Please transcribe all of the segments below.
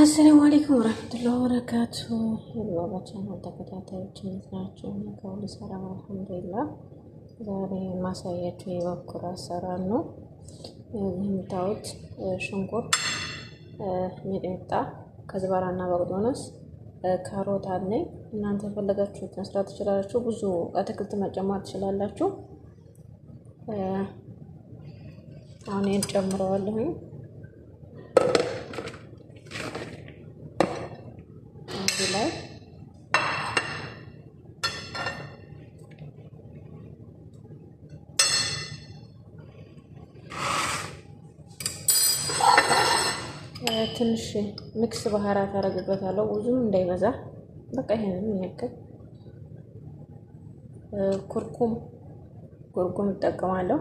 አሰላሙ አለይኩም ወራህመቱላሂ ወበረካቱ። የባባችን ተከታታዮች እንዴት ናቸው? ከሁሉ ሰላም አልሐምዱሊላህ። ዛሬ ማሳያቸው የበኩር አሰራር ነው። የምታዩት ሽንኩርት፣ ሚጥሚጣ፣ ከዝባራና በቅዶነስ፣ ካሮት አለኝ። እናንተ የፈለጋችሁት መስራት ትችላላችሁ። ብዙ አትክልት መጨመር ትችላላችሁ። አሁን ይህን ጨምረዋለሁኝ እዚህ ላይ ትንሽ ሚክስ ባህራት አደርግበታለሁ ብዙም እንዳይበዛ። በቃ ይሄንን ያክል ኩርኩም ኩርኩም እጠቀማለሁ።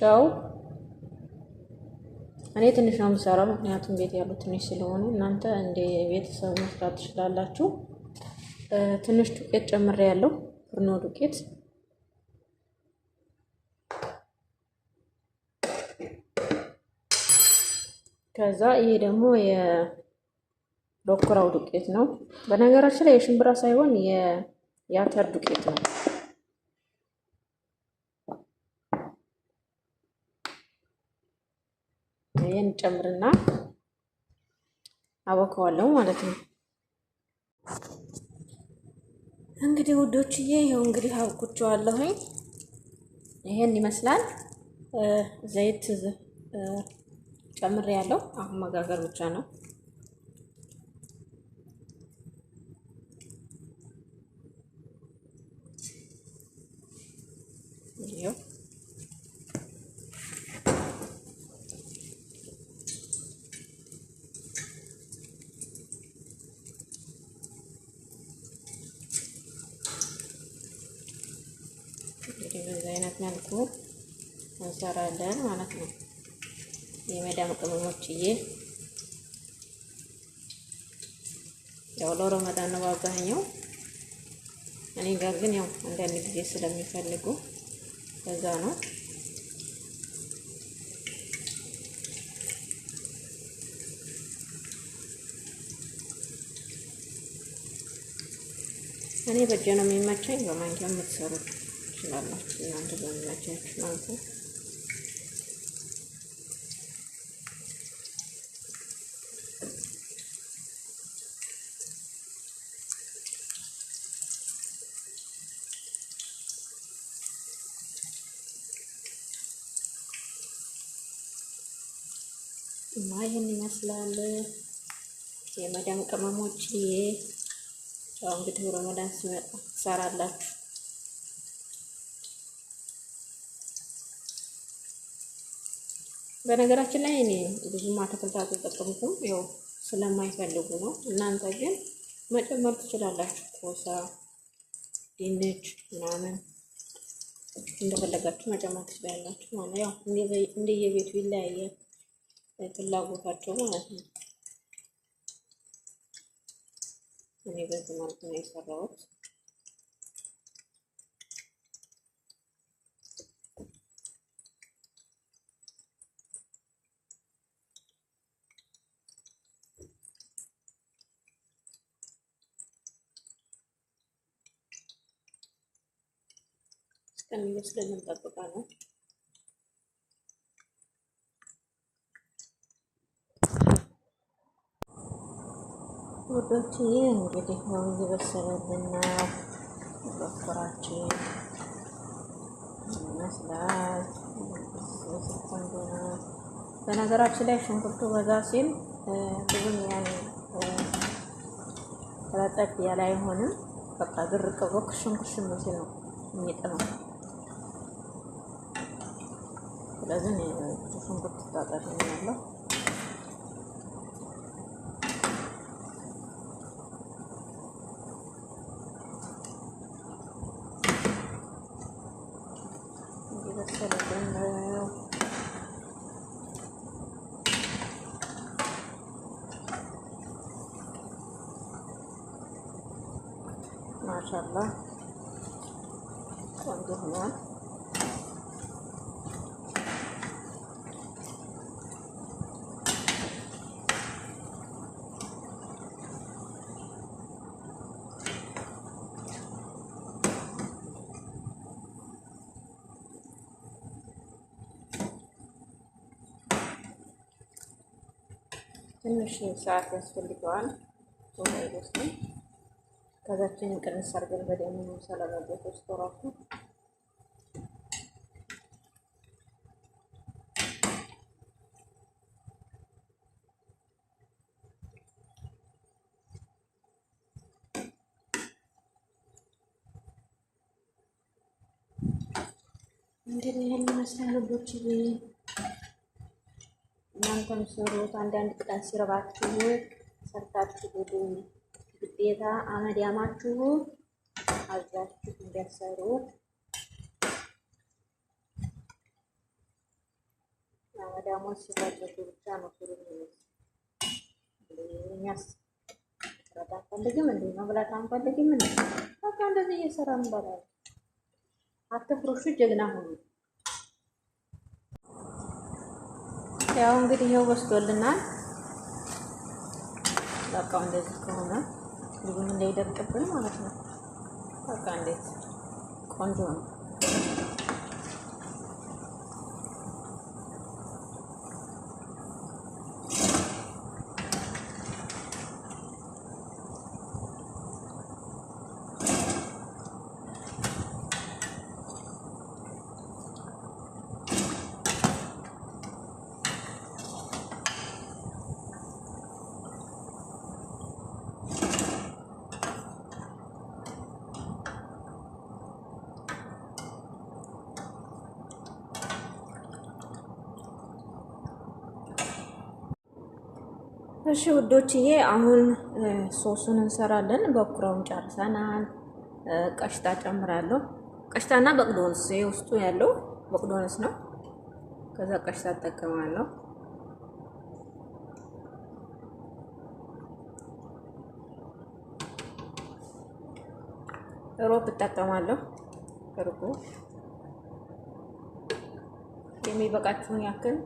ጨው እኔ ትንሽ ነው የምሰራው፣ ምክንያቱም ቤት ያሉት ትንሽ ስለሆኑ እናንተ እንደ ቤተሰብ መስራት ትችላላችሁ። ትንሽ ዱቄት ጨምሬ ያለው ፍርኖ ዱቄት ከዛ ይሄ ደግሞ የበኩራው ዱቄት ነው። በነገራችን ላይ የሽምብራ ሳይሆን የአተር ዱቄት ነው። ጨምርና አቦከዋለሁ ማለት ነው። እንግዲህ ውዶችዬ ይኸው እንግዲህ አውኩቸዋለሁኝ። ይሄን ይመስላል። ዘይት ጨምሬ ያለው አሁን መጋገር ብቻ ነው። መልኩ እንሰራለን ማለት ነው። የመዳም ቅመሞችዬ ያው ለረመዳን ነው በአብዛኛው። እኔ ጋር ግን ያው አንዳንድ ጊዜ ስለሚፈልጉ በዛ ነው። እኔ በእጄ ነው የሚመቸኝ። በማንኪያ የምትሰሩት ትችላላችሁ እናንተ በሚመቻችሁ ማለት ነው። እና ይህን ይመስላል የመዳም ቅመሞች። ያው እንግዲህ ረመዳን ሲመጣ ትሰራላችሁ። በነገራችን ላይ እኔ ብዙም አትክልት አልተጠቀምኩም፣ ያው ስለማይፈልጉ ነው። እናንተ ግን መጨመር ትችላላችሁ። ኮሳ፣ ድንች ምናምን እንደፈለጋችሁ መጨመር ትችላላችሁ ማለት ያው እንደየቤቱ ይለያያል ፍላጎታቸው ማለት ነው። እኔ በዚህ መልኩ ነው የሰራሁት። እስከሚበስል እንጠብቃለን ነው። ወዶች ይህ እንግዲህ ነው እየበሰለልን ነው። ይመስላል በነገራችን ላይ ሽንኩርቱ በዛ ሲል ብዙም ያን ተለጠፍ ያለ አይሆንም። በቃ ድርቅ ቦክ ሲል ነው የሚጥመው። لازم تكون بالبطاطا هنا يلا ما شاء الله عنده هنا ትንሽ ሰዓት ያስፈልገዋል። ውሃ ይበስል ከዛችን ቅንስ አድርገን በደንብ ሰለመበት ውስጥ ራሱ እንግዲህ ይህን ይመስላል ቦችዬ እናንተም ስሩት። አንዳንድ ቀን ሲርባችሁ ሰርታችሁ ብሉ። ግዴታ አመዳማችሁ አዛችሁ እንዲያሰሩ አመዳሞች ሲራጨቱ ብቻ ነው ሱሩን እኛስ ጥረት አንፈልግም፣ እንዲ መብላት አንፈልግም። እንዲ በቃ እንደዚህ እየሰራ እንበላለን። አትፍሩሹ፣ ጀግና ሁኑ። ያው እንግዲህ ይኸው በስቶልናል። በቃ እንደዚህ ከሆነ ልጁም እንዳይደርቅብን ማለት ነው። በቃ እንዴት ቆንጆ ነው። እሺ ውዶችዬ አሁን ሶሱን እንሰራለን። በኩራውን ጨርሰናል። ቀሽታ ጨምራለሁ። ቀሽታና በቅዶንስ ውስጡ ያለው በቅዶንስ ነው። ከዛ ቀሽታ እጠቀማለሁ። ሮብ እጠቀማለሁ። እርጎ የሚበቃችሁን ያክል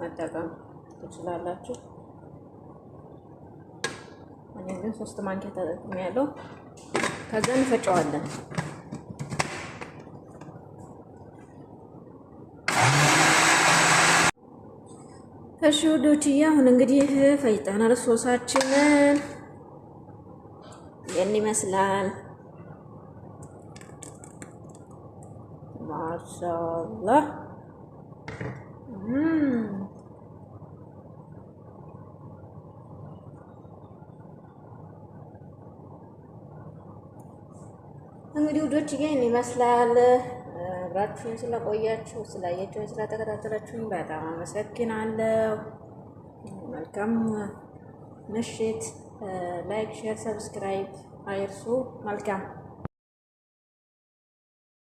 መጠቀም ትችላላችሁ። እኔ ግን ሶስት ማንኪያ ተጠቅሜ ያለው ከዛ እንፈጨዋለን። እሺ ውዶችዬ አሁን እንግዲህ ሶሳችንን ይህን ይመስላል። ማሻአላህ ውዶች ይሄን ይመስላል። አብራችሁን ስለቆያችሁ ስላያችሁን፣ ስለተከታተላችሁኝ በጣም አመሰግናለሁ። መልካም ምሽት። ላይክ፣ ሼር፣ ሰብስክራይብ አይርሱ። መልካም